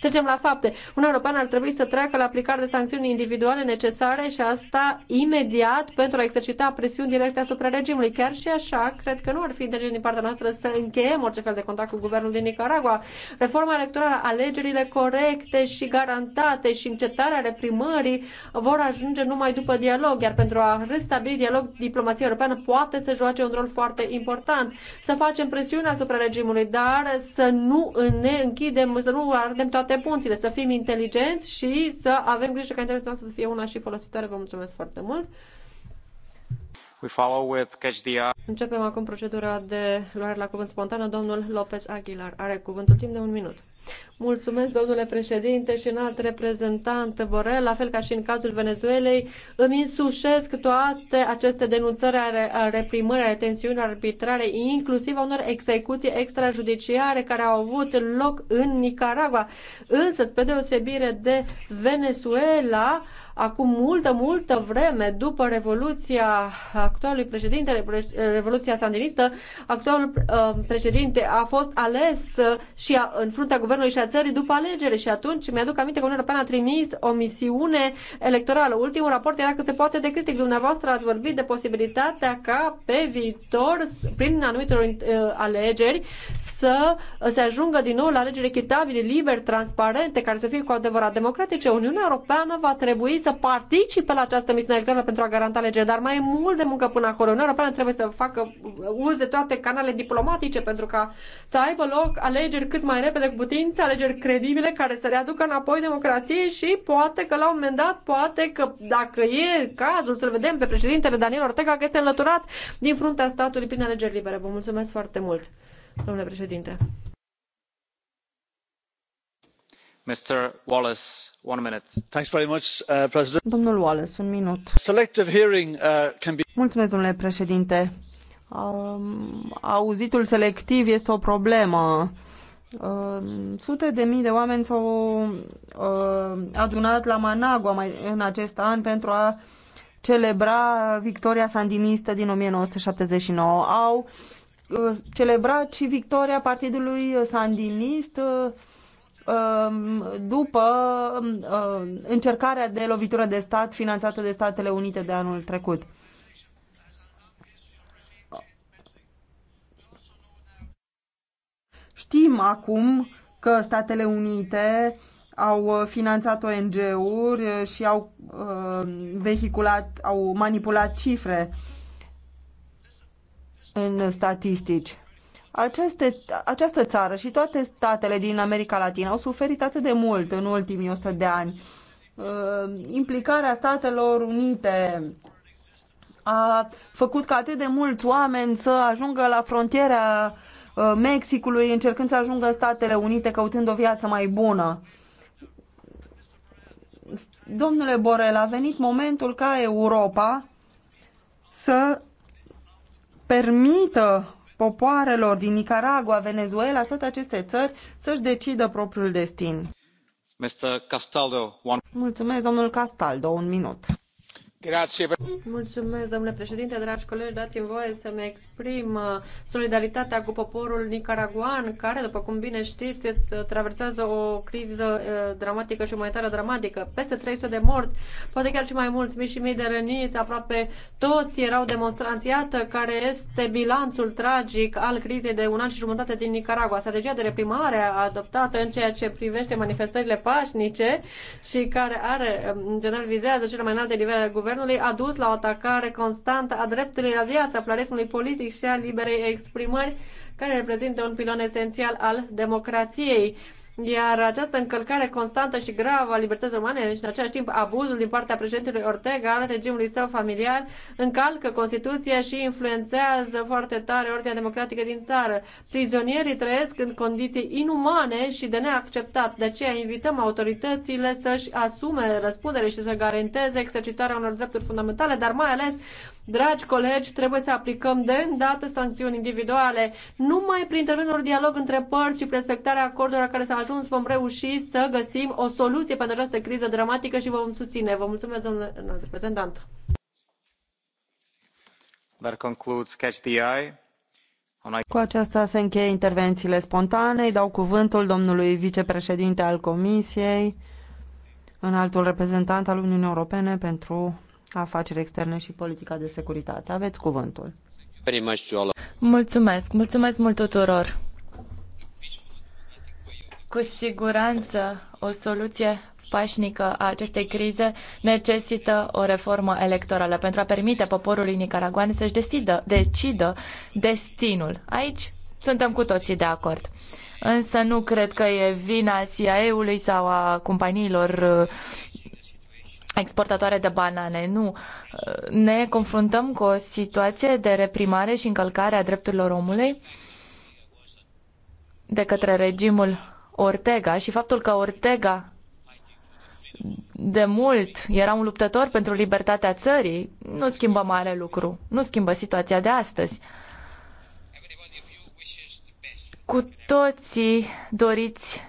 Trecem la fapte. Un european ar trebui să treacă la aplicare de sancțiuni individuale necesare și asta imediat pentru a exercita presiuni directe asupra regimului. Chiar și așa, cred că nu ar fi inteligent din partea noastră să încheiem orice fel de contact cu guvernul din Nicaragua. Reforma electorală, alegerile corecte și garantate și încetarea reprimării vor ajunge numai după dialog, iar pentru a restabili dialog, diplomația europeană poate să joace un rol foarte important. Să facem presiune asupra regimului, dar să nu ne închidem, să nu ar ardem toate punțile, să fim inteligenți și să avem grijă ca internetul noastră să fie una și folositoare. Vă mulțumesc foarte mult! We follow with eye. Începem acum procedura de luare la cuvânt spontană. Domnul Lopez Aguilar are cuvântul timp de un minut. Mulțumesc, domnule președinte și înalt reprezentant Borel, la fel ca și în cazul Venezuelei. Îmi însușesc toate aceste denunțări ale reprimării, ale tensiunilor arbitrare, inclusiv a unor execuții extrajudiciare care au avut loc în Nicaragua. Însă, spre deosebire de Venezuela, Acum multă, multă vreme, după Revoluția actualului președinte, Revoluția Sandinistă, actualul uh, președinte a fost ales și a, în fruntea guvernului și a țării după alegere și atunci mi-aduc aminte că Uniunea Europeană a trimis o misiune electorală. Ultimul raport era că se poate de critic. Dumneavoastră ați vorbit de posibilitatea ca pe viitor, prin anumite uh, alegeri, să se ajungă din nou la alegeri echitabile, liberi, transparente, care să fie cu adevărat democratice. Uniunea Europeană va trebui să participe la această misiune electorală pentru a garanta legea, dar mai e mult de muncă până acolo. Uniunea Europeană trebuie să facă uz de toate canalele diplomatice pentru ca să aibă loc alegeri cât mai repede cu putință, alegeri credibile care să readucă înapoi democrație și poate că la un moment dat, poate că dacă e cazul să-l vedem pe președintele Daniel Ortega că este înlăturat din fruntea statului prin alegeri libere. Vă mulțumesc foarte mult, domnule președinte. Uh, domnule președinte auzitul selectiv este o problemă. Uh, sute de mii de oameni s-au uh, adunat la Managua în acest an pentru a celebra victoria sandinistă din 1979. Au celebrat și victoria partidului sandinist Um, după um, uh, încercarea de lovitură de stat finanțată de Statele Unite de anul trecut. Știm acum că Statele Unite au finanțat ONG-uri și au uh, vehiculat, au manipulat cifre în statistici. Aceste, această țară și toate statele din America Latina au suferit atât de mult în ultimii 100 de ani. Uh, implicarea Statelor Unite a făcut ca atât de mulți oameni să ajungă la frontiera uh, Mexicului, încercând să ajungă în Statele Unite, căutând o viață mai bună. Domnule Borel, a venit momentul ca Europa să permită popoarelor din Nicaragua, Venezuela, toate aceste țări să-și decidă propriul destin. Mr. Castaldo, one... Mulțumesc, domnul Castaldo, un minut. Mulțumesc, domnule președinte, dragi colegi, dați-mi voie să-mi exprim uh, solidaritatea cu poporul nicaraguan, care, după cum bine știți, uh, traversează o criză uh, dramatică și umanitară dramatică. Peste 300 de morți, poate chiar și mai mulți, mii și mii de răniți, aproape toți erau demonstranți. Iată care este bilanțul tragic al crizei de un an și jumătate din Nicaragua. Strategia de reprimare adoptată în ceea ce privește manifestările pașnice și care are, um, în general, vizează cele mai înalte nivele ale guvernului guvernului a dus la o atacare constantă a dreptului la viață, a pluralismului politic și a liberei exprimări, care reprezintă un pilon esențial al democrației. Iar această încălcare constantă și gravă a libertății umane și în același timp abuzul din partea președintelui Ortega al regimului său familiar încalcă Constituția și influențează foarte tare ordinea democratică din țară. Prizonierii trăiesc în condiții inumane și de neacceptat. De aceea invităm autoritățile să-și asume răspundere și să garanteze exercitarea unor drepturi fundamentale, dar mai ales Dragi colegi, trebuie să aplicăm de îndată sancțiuni individuale. Numai prin intermediul unui dialog între părți și respectarea acordurilor la care s-a ajuns vom reuși să găsim o soluție pentru această criză dramatică și vă vom susține. Vă mulțumesc, domnule reprezentant. That concludes Catch the Eye. Cu aceasta se încheie intervențiile spontane. Îi dau cuvântul domnului vicepreședinte al Comisiei, înaltul reprezentant al Uniunii Europene pentru afaceri externe și politica de securitate. Aveți cuvântul. Mulțumesc, mulțumesc mult tuturor. Cu siguranță o soluție pașnică a acestei crize necesită o reformă electorală pentru a permite poporului nicaraguan să-și decidă, decidă destinul. Aici suntem cu toții de acord. Însă nu cred că e vina CIA-ului sau a companiilor exportatoare de banane. Nu. Ne confruntăm cu o situație de reprimare și încălcare a drepturilor omului de către regimul Ortega și faptul că Ortega de mult era un luptător pentru libertatea țării nu schimbă mare lucru, nu schimbă situația de astăzi. Cu toții doriți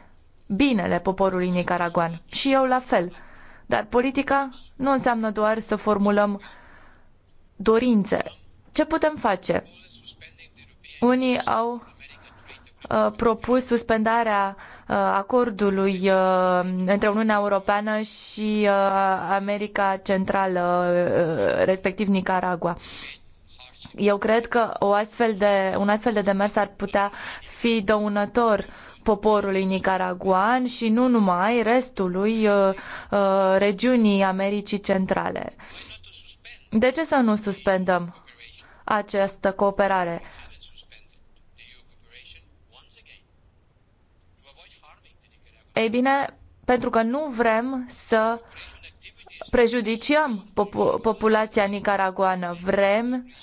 binele poporului nicaraguan și eu la fel. Dar politica nu înseamnă doar să formulăm dorințe. Ce putem face? Unii au uh, propus suspendarea uh, acordului uh, între Uniunea Europeană și America Centrală, respectiv Nicaragua. Eu cred că o astfel de, un astfel de demers ar putea fi dăunător poporului nicaraguan și nu numai restului uh, uh, regiunii Americii Centrale. De ce să nu suspendăm această cooperare? Ei bine, pentru că nu vrem să prejudiciem populația nicaraguană. Vrem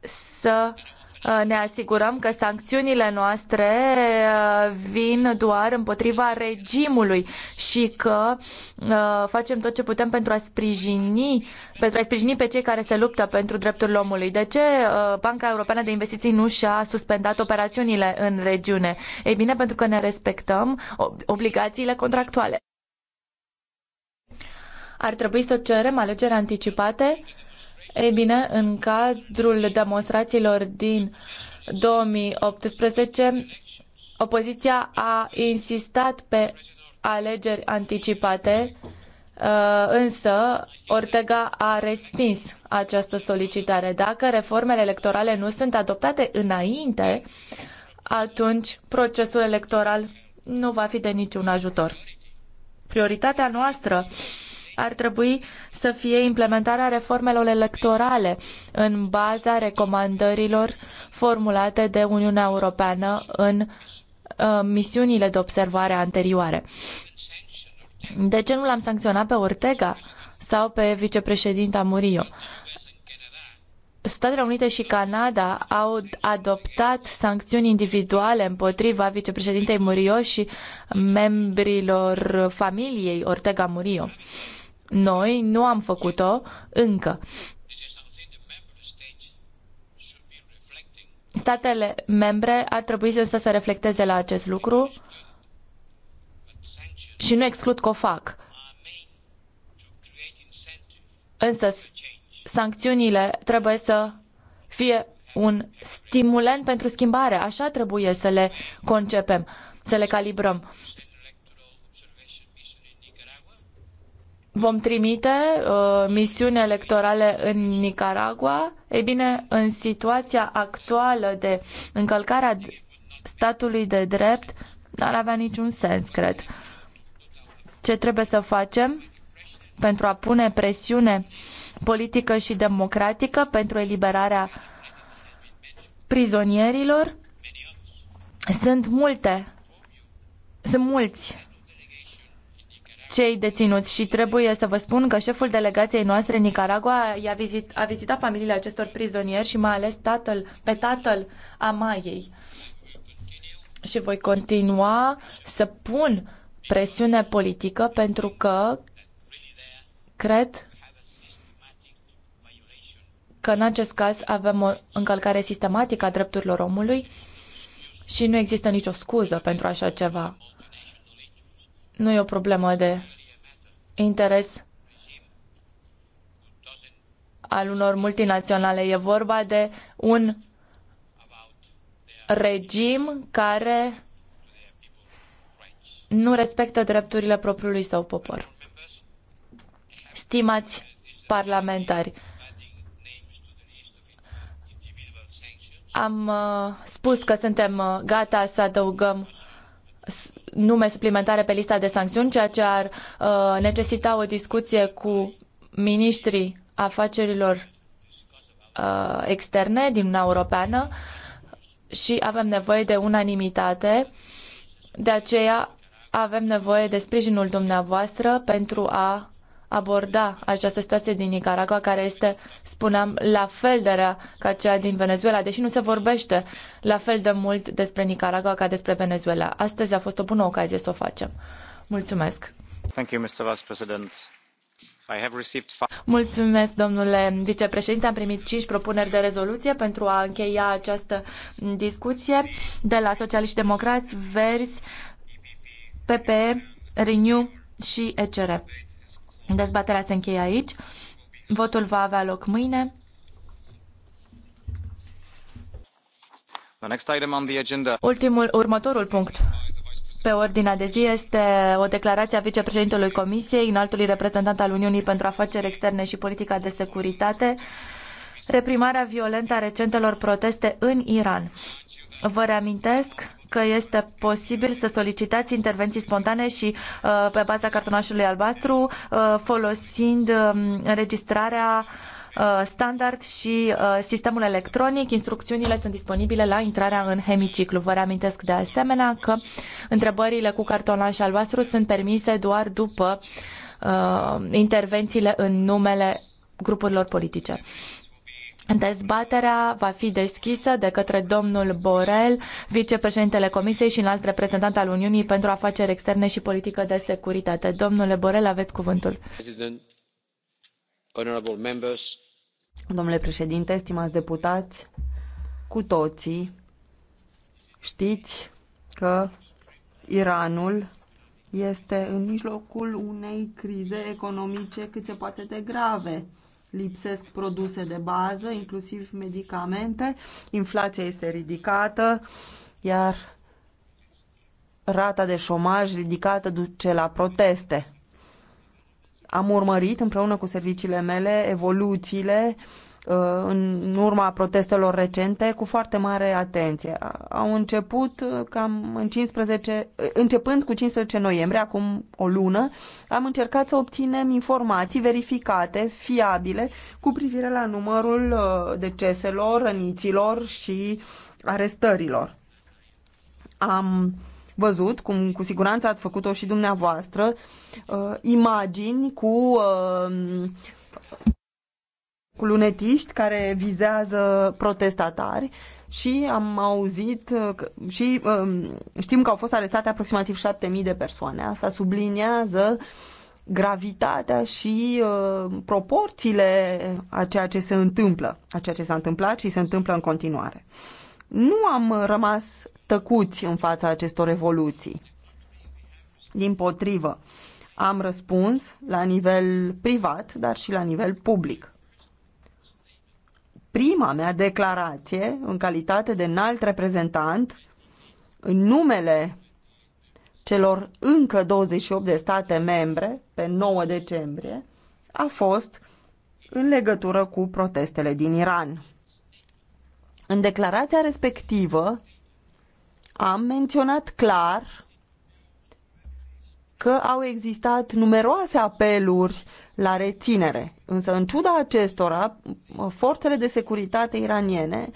să Uh, ne asigurăm că sancțiunile noastre uh, vin doar împotriva regimului și că uh, facem tot ce putem pentru a sprijini pentru a sprijini pe cei care se luptă pentru drepturile omului. De ce Banca Europeană de Investiții nu și-a suspendat operațiunile în regiune? Ei bine, pentru că ne respectăm obligațiile contractuale. Ar trebui să cerem alegeri anticipate ei bine, în cadrul demonstrațiilor din 2018, opoziția a insistat pe alegeri anticipate, uh, însă Ortega a respins această solicitare. Dacă reformele electorale nu sunt adoptate înainte, atunci procesul electoral nu va fi de niciun ajutor. Prioritatea noastră uh, ar trebui să fie implementarea reformelor electorale în baza recomandărilor formulate de Uniunea Europeană în uh, misiunile de observare anterioare. De ce nu l-am sancționat pe Ortega sau pe vicepreședinta Murillo? Statele Unite și Canada au adoptat sancțiuni individuale împotriva vicepreședintei Murillo și membrilor familiei Ortega Murillo. Noi nu am făcut-o încă. Statele membre ar trebui să să reflecteze la acest lucru și nu exclud că o fac. Însă sancțiunile trebuie să fie un stimulant pentru schimbare. Așa trebuie să le concepem, să le calibrăm. vom trimite uh, misiuni electorale în Nicaragua. Ei bine, în situația actuală de încălcarea statului de drept, n-ar avea niciun sens, cred. Ce trebuie să facem pentru a pune presiune politică și democratică pentru eliberarea prizonierilor? Sunt multe, sunt mulți cei deținuți și trebuie să vă spun că șeful delegației noastre în Nicaragua a vizit, a vizitat familiile acestor prizonieri și mai ales tatăl, pe tatăl Amaiei. Și voi continua să pun presiune politică pentru că cred că în acest caz avem o încălcare sistematică a drepturilor omului și nu există nicio scuză pentru așa ceva. Nu e o problemă de interes al unor multinaționale. E vorba de un regim care nu respectă drepturile propriului său popor. Stimați parlamentari, am uh, spus că suntem uh, gata să adăugăm nume suplimentare pe lista de sancțiuni, ceea ce ar uh, necesita o discuție cu ministrii afacerilor uh, externe din Uniunea Europeană și avem nevoie de unanimitate. De aceea avem nevoie de sprijinul dumneavoastră pentru a aborda această situație din Nicaragua, care este, spuneam, la fel de rea ca cea din Venezuela, deși nu se vorbește la fel de mult despre Nicaragua ca despre Venezuela. Astăzi a fost o bună ocazie să o facem. Mulțumesc! Thank you, Mr. Vice President. I have received... Mulțumesc, domnule vicepreședinte. Am primit cinci propuneri de rezoluție pentru a încheia această discuție de la Socialiști Democrați, Verzi, PPE, Renew și ECR. Dezbaterea se încheie aici. Votul va avea loc mâine. The next item on the agenda. Ultimul, următorul punct pe ordinea de zi este o declarație a vicepreședintelui Comisiei, înaltului reprezentant al Uniunii pentru Afaceri Externe și Politica de Securitate, reprimarea violentă a recentelor proteste în Iran. Vă reamintesc că este posibil să solicitați intervenții spontane și uh, pe baza cartonașului albastru uh, folosind um, înregistrarea uh, standard și sistemul electronic. Instrucțiunile sunt disponibile la intrarea în hemiciclu. Vă reamintesc de asemenea că întrebările cu cartonaș albastru sunt permise doar după intervențiile în numele grupurilor politice. Dezbaterea va fi deschisă de către domnul Borel, vicepreședintele Comisiei și înalt reprezentant al Uniunii pentru afaceri externe și politică de securitate. Domnule Borel, aveți cuvântul. Domnule președinte, stimați deputați, cu toții știți că Iranul este în mijlocul unei crize economice cât se poate de grave lipsesc produse de bază, inclusiv medicamente, inflația este ridicată, iar rata de șomaj ridicată duce la proteste. Am urmărit împreună cu serviciile mele evoluțiile uh, Uh, în urma protestelor recente cu foarte mare atenție. Au început uh, cam în 15, uh, începând cu 15 noiembrie, acum o lună, am încercat să obținem informații verificate, fiabile, cu privire la numărul deceselor, răniților și arestărilor. Am văzut, cum cu siguranță ați făcut-o și dumneavoastră, imagini cu cu lunetiști care vizează protestatari și am auzit și um, știm că au fost arestate aproximativ 7.000 de persoane. Asta subliniază gravitatea și uh, proporțiile a ceea ce se întâmplă, a ceea ce s-a întâmplat și se întâmplă în continuare. Nu am rămas tăcuți în fața acestor evoluții. Din potrivă, am răspuns la nivel privat, dar și la nivel public prima mea declarație în calitate de înalt reprezentant în numele celor încă 28 de state membre pe 9 decembrie a fost în legătură cu protestele din Iran. În declarația respectivă am menționat clar că au existat numeroase apeluri la reținere. Însă, în ciuda acestora, forțele de securitate iraniene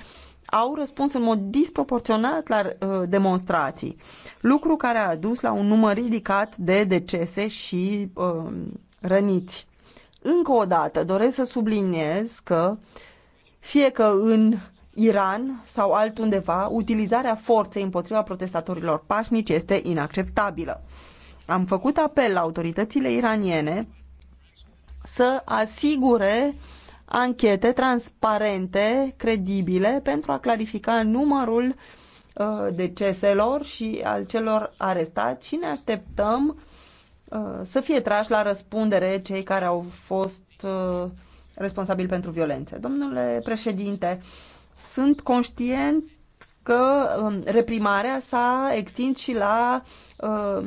au răspuns în mod disproporționat la uh, demonstrații, lucru care a dus la un număr ridicat de decese și uh, răniți. Încă o dată doresc să subliniez că fie că în Iran sau altundeva, utilizarea forței împotriva protestatorilor pașnici este inacceptabilă. Am făcut apel la autoritățile iraniene să asigure anchete transparente, credibile, pentru a clarifica numărul uh, deceselor și al celor arestați și ne așteptăm uh, să fie trași la răspundere cei care au fost uh, responsabili pentru violențe. Domnule președinte, sunt conștient că um, reprimarea s-a extins și la uh,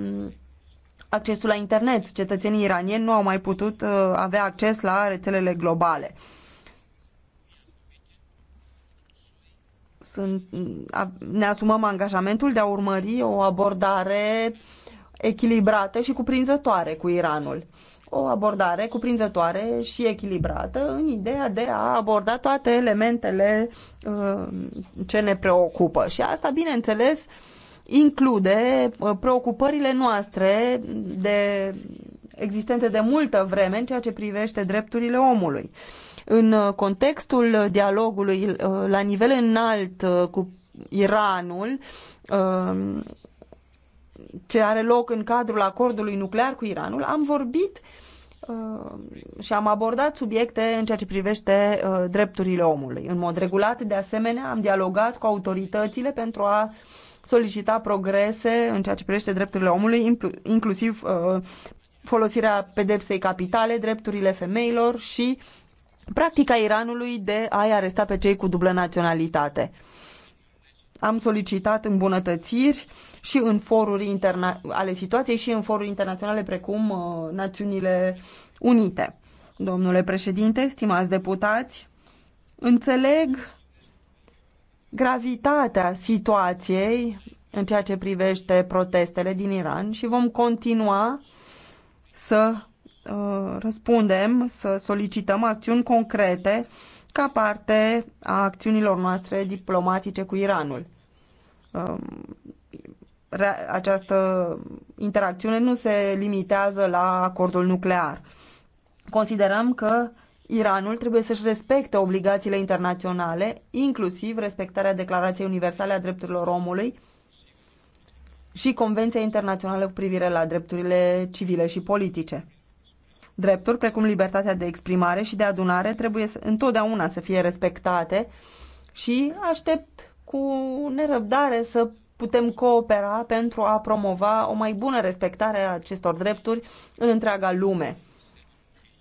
accesul la internet. Cetățenii iranieni nu au mai putut uh, avea acces la rețelele globale. Sunt, ne asumăm angajamentul de a urmări o abordare echilibrată și cuprinzătoare cu Iranul. O abordare cuprinzătoare și echilibrată în ideea de a aborda toate elementele uh, ce ne preocupă. Și asta, bineînțeles, uh, include uh, preocupările noastre de existente de multă vreme în ceea ce privește drepturile omului. În uh, contextul dialogului uh, la nivel înalt cu Iranul, um, ce are loc în cadrul acordului nuclear cu Iranul, am vorbit um, și am abordat subiecte în ceea ce privește drepturile omului. În mod regulat, de asemenea, am dialogat cu autoritățile pentru a solicita progrese în ceea ce privește drepturile omului, inclusiv uh, folosirea pedepsei capitale, drepturile femeilor și practica Iranului de a-i aresta pe cei cu dublă naționalitate. Am solicitat îmbunătățiri și în foruri interna- ale situației și în foruri internaționale precum uh, Națiunile Unite. Domnule președinte, stimați deputați, înțeleg gravitatea situației în ceea ce privește protestele din Iran și vom continua să uh, răspundem, să solicităm acțiuni concrete ca parte a acțiunilor noastre diplomatice cu Iranul. Um, această interacțiune nu se limitează la acordul nuclear. Considerăm că Iranul trebuie să-și respecte obligațiile internaționale, inclusiv respectarea Declarației Universale a Drepturilor Omului și Convenția Internațională cu privire la drepturile civile și politice. Drepturi, precum libertatea de exprimare și de adunare, trebuie să, întotdeauna să fie respectate și aștept cu nerăbdare să putem coopera pentru a promova o mai bună respectare a acestor drepturi în întreaga lume.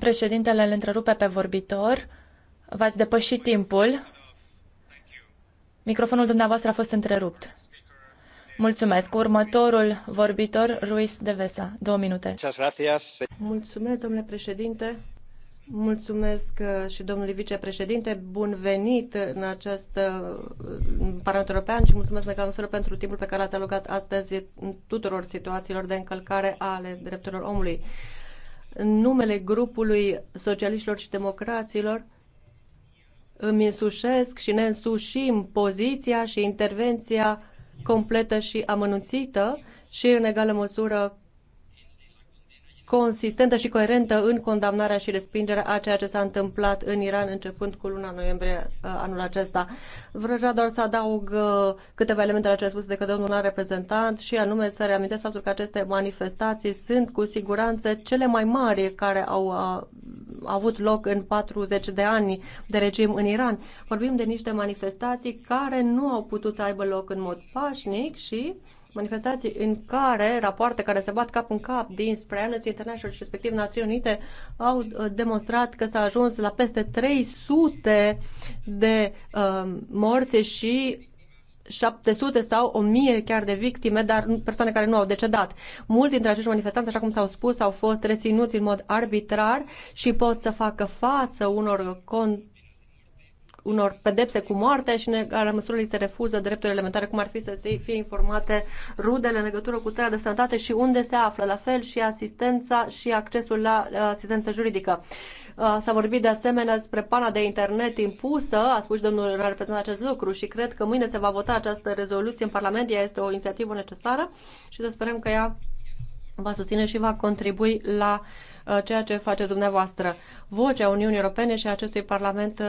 președintele îl întrerupe pe vorbitor v ați depășit timpul microfonul dumneavoastră a fost întrerupt. Mulțumesc. Următorul vorbitor, Ruiz de Vesa. Două minute. Mulțumesc, domnule președinte Mulțumesc uh, și domnului vicepreședinte, bun venit în acest uh, parlament European și mulțumesc la măsură pentru timpul pe care l-ați alocat astăzi în tuturor situațiilor de încălcare ale drepturilor omului. În numele grupului socialiștilor și democraților, îmi însușesc și ne însușim poziția și intervenția completă și amănunțită și în egală măsură consistentă și coerentă în condamnarea și respingerea a ceea ce s-a întâmplat în Iran începând cu luna noiembrie uh, anul acesta. Vreau doar să adaug uh, câteva elemente la a spus de către domnul reprezentant și anume să reamintesc faptul că aceste manifestații sunt cu siguranță cele mai mari care au a, uh, avut loc în 40 de ani de regim în Iran. Vorbim de niște manifestații care nu au putut să aibă loc în mod pașnic și manifestații în care rapoarte care se bat cap în cap din spre Amnesty International și respectiv Națiunile Unite au uh, demonstrat că s-a ajuns la peste 300 de uh, morți și 700 sau 1000 chiar de victime, dar persoane care nu au decedat. Mulți dintre acești manifestanți, așa cum s-au spus, au fost reținuți în mod arbitrar și pot să facă față unor con- unor pedepse cu moartea și în egală măsură li se refuză drepturi elementare, cum ar fi să se fie informate rudele în legătură cu țara de sănătate și unde se află, la fel și asistența și accesul la uh, asistență juridică. Uh, s-a vorbit de asemenea despre pana de internet impusă, a spus și domnul reprezentant acest lucru și cred că mâine se va vota această rezoluție în Parlament, ea este o inițiativă necesară și să sperăm că ea va susține și va contribui la uh, ceea ce face dumneavoastră. Vocea Uniunii Europene și acestui Parlament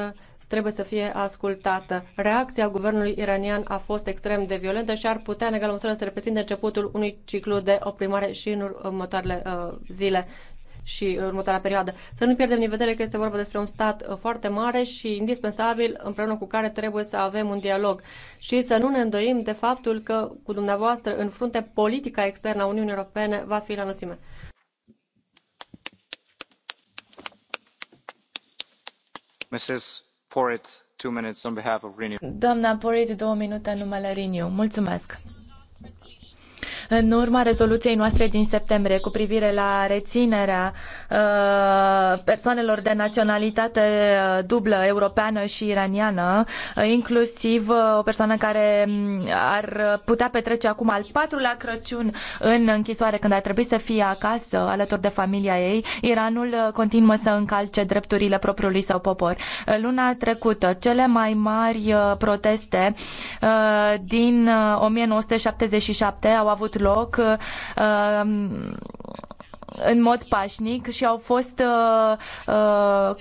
trebuie să fie ascultată. Reacția guvernului iranian a fost extrem de violentă și ar putea în egală măsură să reprezinte începutul unui ciclu de oprimare și în următoarele uh, zile și următoarea perioadă. Să nu pierdem din vedere că este vorba despre un stat uh, foarte mare și indispensabil împreună cu care trebuie să avem un dialog și să nu ne îndoim de faptul că cu dumneavoastră în frunte politica externă a Uniunii Europene va fi la înălțime. Mrs. Doamna Porit, două minute în numele Renew. Mulțumesc în urma rezoluției noastre din septembrie cu privire la reținerea uh, persoanelor de naționalitate uh, dublă, europeană și iraniană, uh, inclusiv o persoană care mm, ar putea petrece acum al patrulea Crăciun în închisoare când ar trebui să fie acasă alături de familia ei, Iranul continuă să încalce drepturile propriului său popor. Luna trecută, cele mai mari proteste din 1977 au avut avut loc uh, um, în mod pașnic și au fost, uh, uh,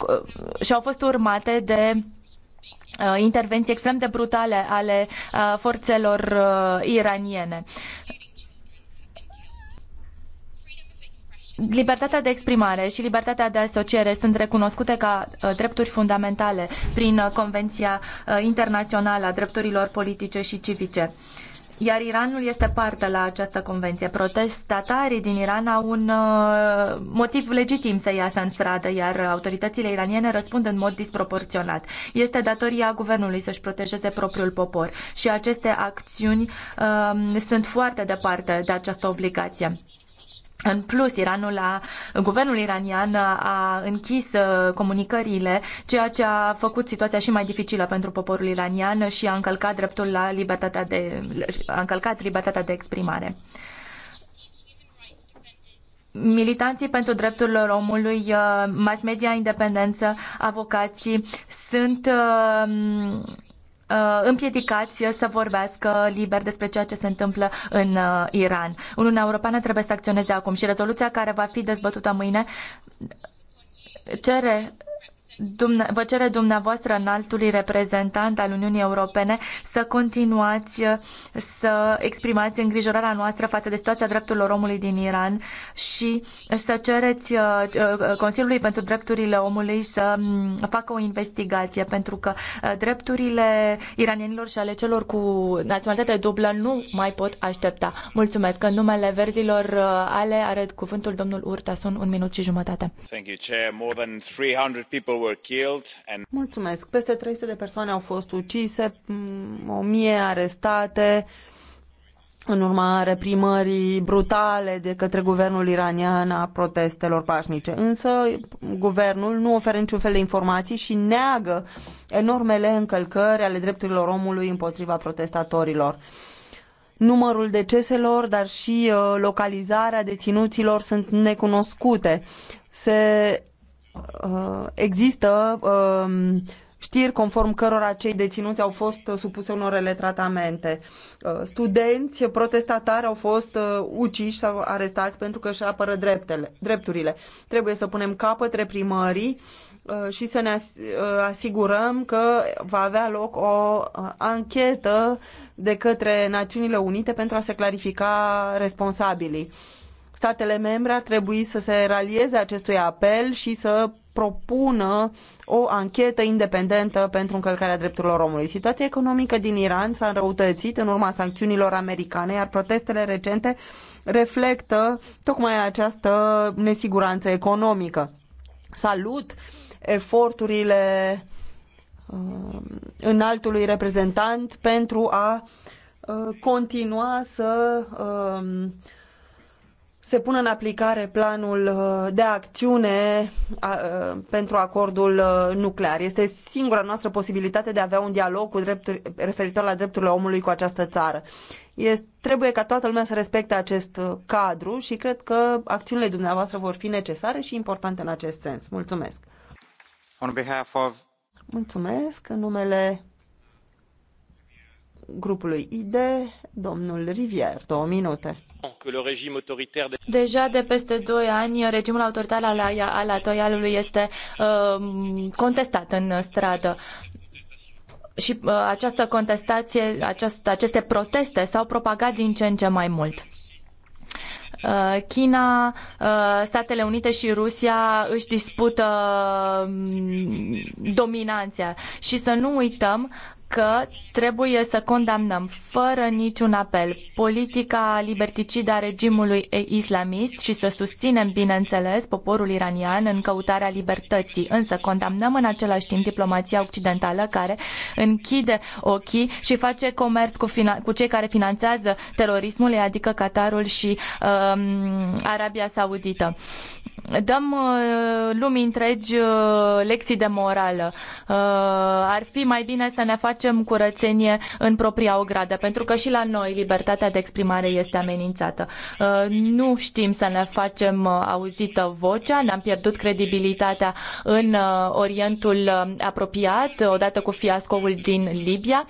și au fost urmate de intervenții extrem de brutale ale forțelor iraniene. Libertatea de exprimare și libertatea de asociere sunt recunoscute ca drepturi fundamentale prin Convenția Internațională a Drepturilor Politice și Civice iar Iranul este parte la această convenție. Protestatarii din Iran au un uh, motiv legitim să iasă în stradă, iar autoritățile iraniene răspund în mod disproporționat. Este datoria guvernului să-și protejeze propriul popor și aceste acțiuni um, sunt foarte departe de această obligație. În plus, Iranul a, guvernul iranian a închis uh, comunicările, ceea ce a făcut situația și mai dificilă pentru poporul iranian și a încălcat dreptul la libertatea de, a încălcat libertatea de exprimare. Militanții pentru drepturile omului, uh, mass media independență, avocații sunt uh, Uh, împiedicați să vorbească liber despre ceea ce se întâmplă în uh, Iran. Uniunea Europeană trebuie să acționeze acum și rezoluția care va fi dezbătută mâine cere vă cere dumneavoastră înaltului reprezentant al Uniunii Europene să continuați uh, să exprimați îngrijorarea noastră față de situația drepturilor omului din Iran și să cereți uh, uh, Consiliului pentru Drepturile Omului să mm, facă o investigație, pentru că drepturile iranienilor și ale celor cu naționalitate dublă nu mai pot aștepta. Mulțumesc. În numele verzilor ale are cuvântul domnul Urtasun, un minut și jumătate. Thank you, Chair. More than 300 people were Mulțumesc. Peste 300 de persoane au fost ucise, 1000 mm, arestate în urma reprimării brutale de către guvernul iranian a protestelor pașnice. Însă guvernul nu oferă niciun fel de informații și neagă enormele încălcări ale drepturilor omului împotriva protestatorilor. Numărul deceselor, dar și uh, localizarea deținuților sunt necunoscute. Se Uh, există um, știri conform cărora cei deținuți au fost uh, supuse unor tratamente. Uh, studenți protestatari au fost uciși sau arestați pentru că își apără dreptele, drepturile. Trebuie să punem capăt reprimării și să ne asigurăm că va avea loc o anchetă de către Națiunile Unite pentru a se clarifica responsabilii Statele membre ar trebui să se ralieze acestui apel și să propună o anchetă independentă pentru încălcarea drepturilor omului. Situația economică din Iran s-a înrăutățit în urma sancțiunilor americane, iar protestele recente reflectă tocmai această nesiguranță economică. Salut eforturile uh, înaltului reprezentant pentru a uh, continua să uh, se pună în aplicare planul uh, de acțiune uh, pentru acordul uh, nuclear. Este singura noastră posibilitate de a avea un dialog cu drepturi, referitor la drepturile omului cu această țară. Este, trebuie ca toată lumea să respecte acest cadru și cred că acțiunile dumneavoastră vor fi necesare și importante în acest sens. Mulțumesc! On behalf of... Mulțumesc în numele grupului ID, domnul Rivier, două minute. Deja de peste doi ani, regimul autoritar al, al este um, contestat în stradă și uh, această contestație, aceast, aceste proteste s-au propagat din ce în ce mai mult. Uh, China, uh, Statele Unite și Rusia își dispută um, dominanța și să nu uităm că trebuie să condamnăm fără niciun apel politica liberticidă a regimului islamist și să susținem, bineînțeles, poporul iranian în căutarea libertății. Însă condamnăm în același timp diplomația occidentală care închide ochii și face comerț cu, cu cei care finanțează terorismul, adică Qatarul și um, Arabia Saudită dăm uh, lumii întregi uh, lecții de morală. Uh, ar fi mai bine să ne facem facem curățenie în propria ogradă, pentru că și la noi libertatea de exprimare este amenințată. Uh, nu știm să ne facem uh, auzită vocea, ne-am pierdut credibilitatea în uh, Orientul apropiat, odată cu fiascoul din Libia.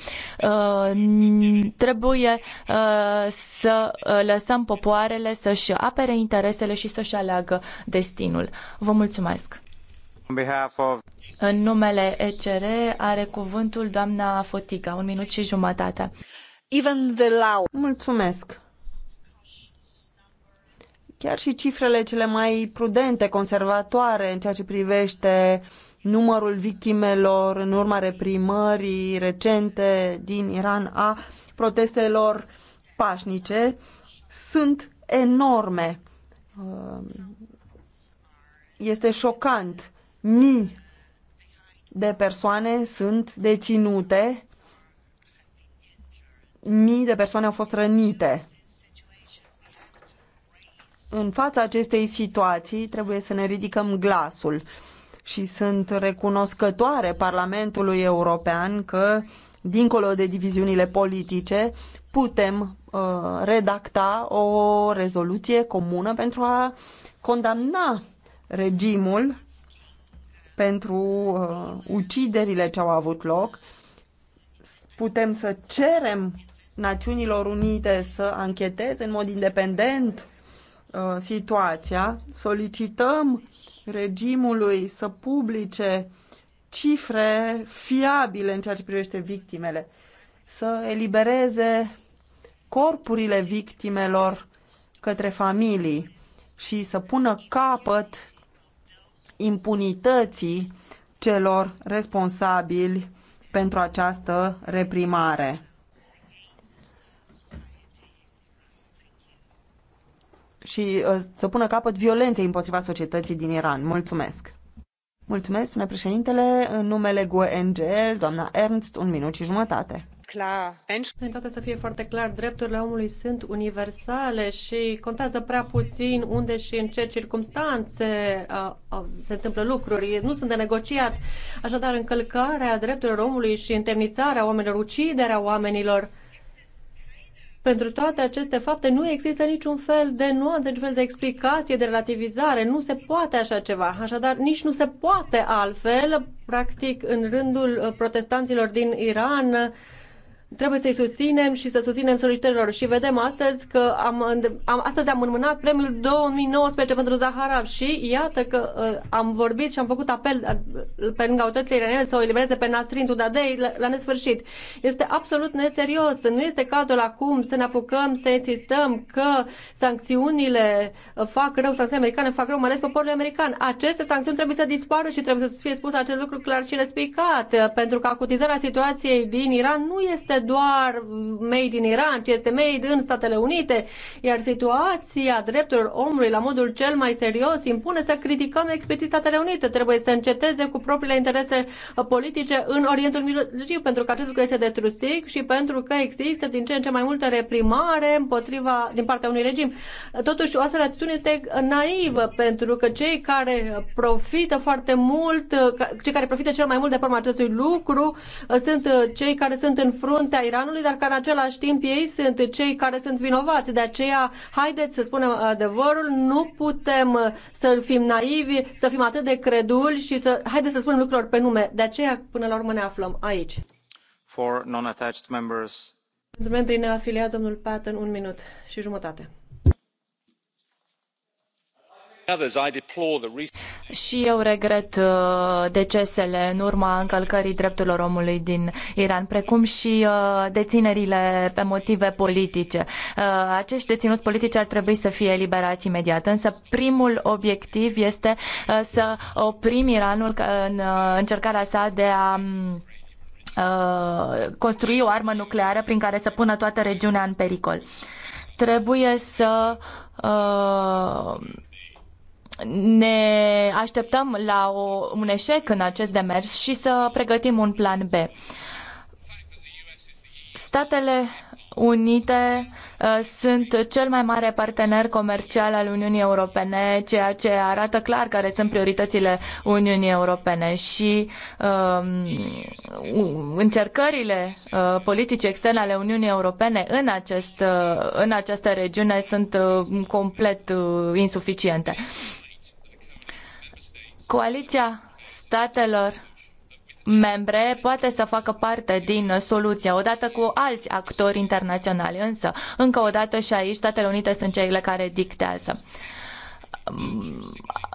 Trebuie să lăsăm popoarele să-și apere interesele și să-și aleagă destinul. Vă mulțumesc! În numele ECR are cuvântul doamna Fotiga, un minut și jumătate. Even the law. Mulțumesc. Chiar și cifrele cele mai prudente, conservatoare în ceea ce privește numărul victimelor în urma reprimării recente din Iran a protestelor pașnice sunt enorme. Este șocant mii de persoane sunt deținute, mii de persoane au fost rănite. În fața acestei situații trebuie să ne ridicăm glasul și sunt recunoscătoare Parlamentului European că, dincolo de diviziunile politice, putem uh, redacta o rezoluție comună pentru a condamna regimul pentru uh, uciderile ce au avut loc. Putem să cerem Națiunilor Unite să ancheteze în mod independent uh, situația. Solicităm regimului să publice cifre fiabile în ceea ce privește victimele, să elibereze corpurile victimelor către familii și să pună capăt impunității celor responsabili pentru această reprimare. și uh, să pună capăt violenței împotriva societății din Iran. Mulțumesc! Mulțumesc, spune președintele, în numele GUE-NGL, doamna Ernst, un minut și jumătate klar. Menschenrechte să fie foarte clar, drepturile omului sunt universale și contează prea puțin unde și în ce circunstanțe uh, uh, se întâmplă lucruri. Nu sunt de negociat. Așadar, încălcarea drepturilor omului și întemnițarea oamenilor, uciderea oamenilor, pentru toate aceste fapte nu există niciun fel de nuanță, niciun fel de explicație, de relativizare. Nu se poate așa ceva. Așadar, nici nu se poate altfel. Practic, în rândul uh, protestanților din Iran, Trebuie să-i susținem și să susținem solicitărilor. Și vedem astăzi că am, am, astăzi am înmânat premiul 2019 pentru Zaharov și iată că uh, am vorbit și am făcut apel uh, pe lângă autoritățile iraniene să o elibereze pe Nasrin Tudadei la, la nesfârșit. Este absolut neserios. Nu este cazul acum să ne apucăm, să insistăm că sancțiunile uh, fac rău, sancțiunile americane fac rău, mai ales poporului american. Aceste sancțiuni trebuie să dispară și trebuie să fie spus acest lucru clar și respicat, uh, pentru că acutizarea situației din Iran nu este doar made in Iran, ci este made în Statele Unite, iar situația drepturilor omului la modul cel mai serios impune să criticăm explicit Statele Unite. Trebuie să înceteze cu propriile interese politice în Orientul Mijlociu, pentru că acest lucru este detrustic și pentru că există din ce în ce mai multă reprimare împotriva din partea unui regim. Totuși, o astfel de atitudine este naivă, pentru că cei care profită foarte mult, cei care profită cel mai mult de forma acestui lucru sunt uh, cei care sunt în frunt înaintea Iranului, dar că în același timp ei sunt cei care sunt vinovați. De aceea, haideți să spunem adevărul, nu putem să fim naivi, să fim atât de creduli și să... Haideți să spunem lucrurilor pe nume. De aceea, până la urmă, ne aflăm aici. For non-attached members. Pentru membrii neafiliați, domnul Patton, un minut și jumătate. Și eu regret uh, decesele în urma încălcării drepturilor omului din Iran, precum și uh, deținerile pe motive politice. Uh, acești deținuți politici ar trebui să fie eliberați imediat, însă primul obiectiv este să oprim Iranul în încercarea sa de a mm, construi o armă nucleară prin care să pună toată regiunea în pericol. Trebuie să uh, ne așteptăm la o, un eșec în acest demers și să pregătim un plan B. Statele Unite uh, sunt cel mai mare partener comercial al Uniunii Europene, ceea ce arată clar care sunt prioritățile Uniunii Europene și uh, încercările uh, politice externe ale Uniunii Europene în, acest, uh, în această regiune sunt uh, complet uh, insuficiente. Coaliția statelor membre poate să facă parte din soluția odată cu alți actori internaționali, însă încă o dată și aici Statele Unite sunt cele care dictează. Mm,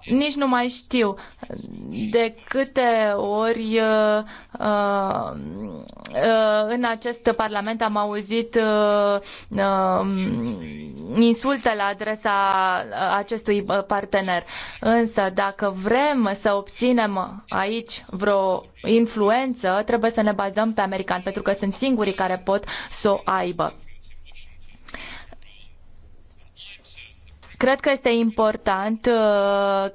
nici nu mai știu de câte ori uh, uh, în acest parlament am auzit uh, um, insulte la adresa acestui uh, partener. Însă dacă vrem să obținem aici vreo influență, trebuie să ne bazăm pe americani, pentru că sunt singurii care pot să o aibă. Cred că este important uh,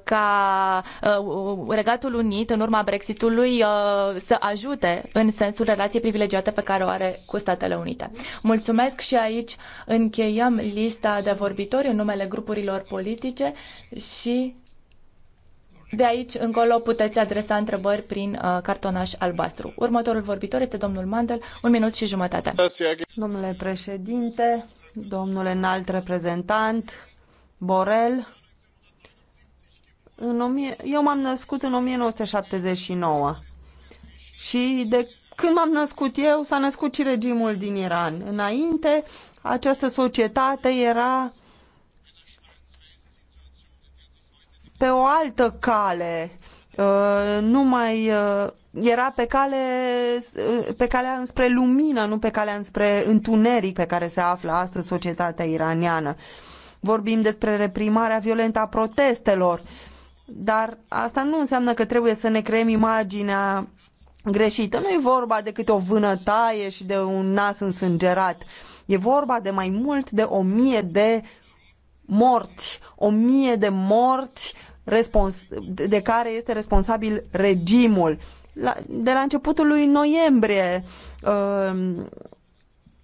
ca uh, Regatul Unit, în urma Brexitului, uh, să ajute în sensul relației privilegiate pe care o are cu Statele Unite. Mulțumesc și aici încheiem lista de vorbitori în numele grupurilor politice și de aici încolo puteți adresa întrebări prin uh, cartonaș albastru. Următorul vorbitor este domnul Mandel, un minut și jumătate. Domnule președinte, domnule înalt reprezentant, Borel. În 1000, eu m-am născut în 1979 și de când m-am născut eu s-a născut și regimul din Iran. Înainte, această societate era pe o altă cale, uh, nu mai uh, era pe, cale, uh, pe calea înspre lumină, nu pe calea înspre întuneric pe care se află astăzi societatea iraniană vorbim despre reprimarea violentă a protestelor, dar asta nu înseamnă că trebuie să ne creăm imaginea greșită. Nu e vorba de câte o vânătaie și de un nas însângerat. E vorba de mai mult de o mie de morți, o mie de morți de care este responsabil regimul. La, de la începutul lui noiembrie, uh,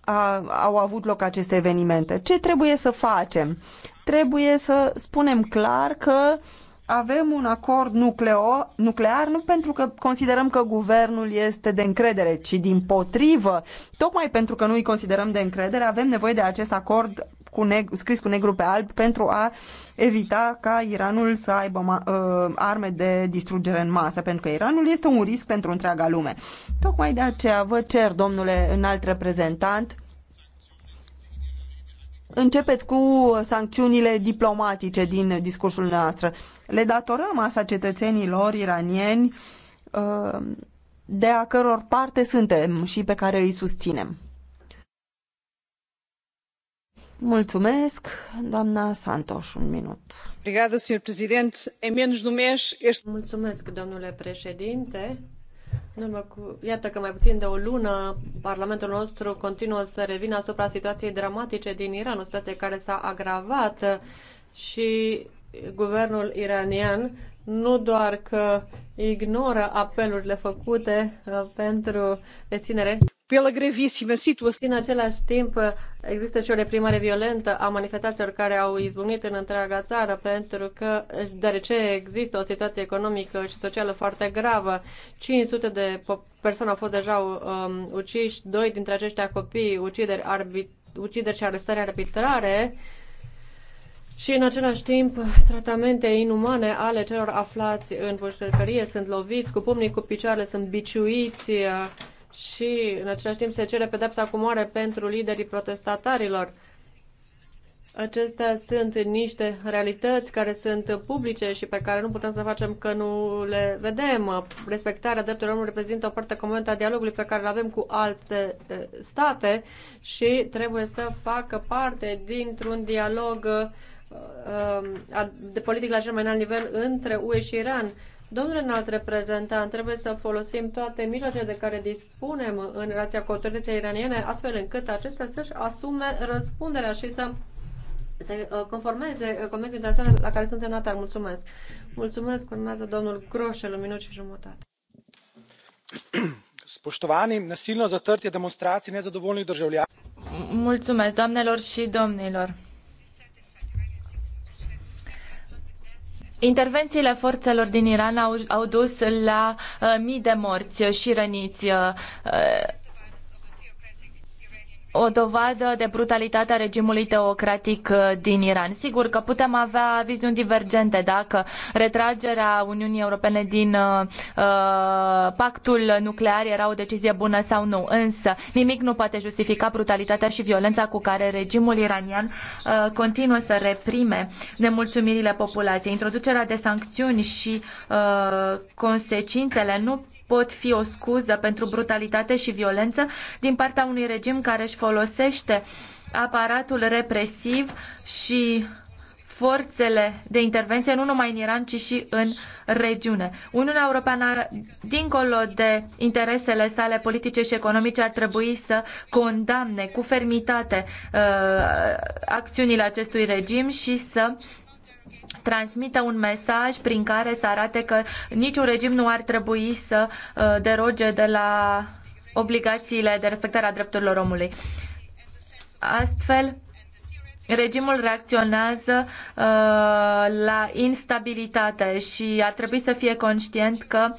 a, au avut loc aceste evenimente. Ce trebuie să facem? Trebuie să spunem clar că avem un acord nucleo, nuclear nu pentru că considerăm că guvernul este de încredere, ci din potrivă, tocmai pentru că nu îi considerăm de încredere, avem nevoie de acest acord cu neg- scris cu negru pe alb pentru a evita ca Iranul să aibă uh, arme de distrugere în masă, pentru că Iranul este un risc pentru întreaga lume. Tocmai de aceea vă cer, domnule înalt reprezentant, începeți cu sancțiunile diplomatice din discursul noastră. Le datorăm asta cetățenilor iranieni uh, de a căror parte suntem și pe care îi susținem. Mulțumesc, doamna Santos, un minut. Um Mulțumesc, domnule președinte. Iată că mai puțin de o lună Parlamentul nostru continuă să revină asupra situației dramatice din Iran, o situație care s-a agravat și guvernul iranian nu doar că ignoră apelurile făcute uh, pentru reținere, pela gravíssima situație. În același timp, există și o reprimare violentă a manifestațiilor care au izbucnit în întreaga țară, pentru că, deoarece există o situație economică și socială foarte gravă, 500 de persoane au fost deja um, uciși, doi dintre aceștia copii ucideri, arbit, ucideri și arestări arbitrare, și în același timp, tratamente inumane ale celor aflați în pușcărie sunt loviți cu pumnii, cu picioarele, sunt biciuiți, și în același timp se cere pedepsa cu moare pentru liderii protestatarilor. Acestea sunt niște realități care sunt publice și pe care nu putem să facem că nu le vedem. Respectarea drepturilor omului reprezintă o parte comentă a dialogului pe care îl avem cu alte eh, state și trebuie să facă parte dintr-un dialog eh, eh, de politic la cel mai înalt nivel între UE și Iran Domnule înalt reprezentant, trebuie să folosim toate mijloacele de care dispunem în relația cu autoritățile iraniene, astfel încât acestea să-și asume răspunderea și să se uh, conformeze uh, convenției internaționale la care sunt semnate. Mulțumesc. Mulțumesc. Urmează domnul Groșel, în minut și jumătate. Spoštovani, nasilno zătărtie demonstrații nezadovoljnih državljanov. Mulțumesc, doamnelor și domnilor Intervențiile forțelor din Iran au, au dus la uh, mii de morți și răniți. Uh, o dovadă de brutalitatea regimului teocratic uh, din Iran. Sigur că putem avea viziuni divergente dacă retragerea Uniunii Europene din uh, uh, pactul nuclear era o decizie bună sau nu, însă nimic nu poate justifica brutalitatea și violența cu care regimul iranian uh, continuă să reprime nemulțumirile populației. Introducerea de sancțiuni și uh, consecințele nu pot fi o scuză pentru brutalitate și violență din partea unui regim care își folosește aparatul represiv și forțele de intervenție nu numai în Iran, ci și în regiune. Uniunea Europeană, dincolo de interesele sale politice și economice, ar trebui să condamne cu fermitate uh, acțiunile acestui regim și să transmită un mesaj prin care să arate că niciun regim nu ar trebui să uh, deroge de la obligațiile de respectare a drepturilor omului. Astfel, regimul reacționează uh, la instabilitate și ar trebui să fie conștient că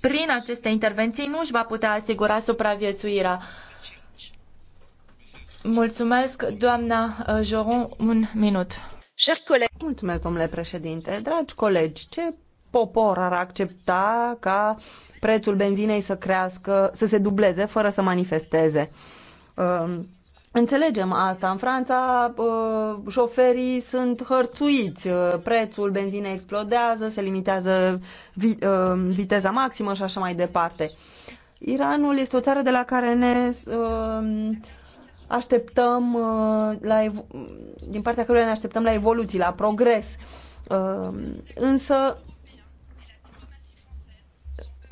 prin aceste intervenții nu își va putea asigura supraviețuirea. Mulțumesc, doamna uh, Joron, un minut. Mulțumesc, domnule președinte. Dragi colegi, ce popor ar accepta ca prețul benzinei să crească, să se dubleze fără să manifesteze? Um, înțelegem asta. În Franța, uh, șoferii sunt hărțuiți, uh, prețul benzinei explodează, se limitează uh, viteza maximă și așa mai departe. Iranul este o țară de la care ne așteptăm uh, la din partea căruia ne așteptăm la evoluții, la progres. Uh, însă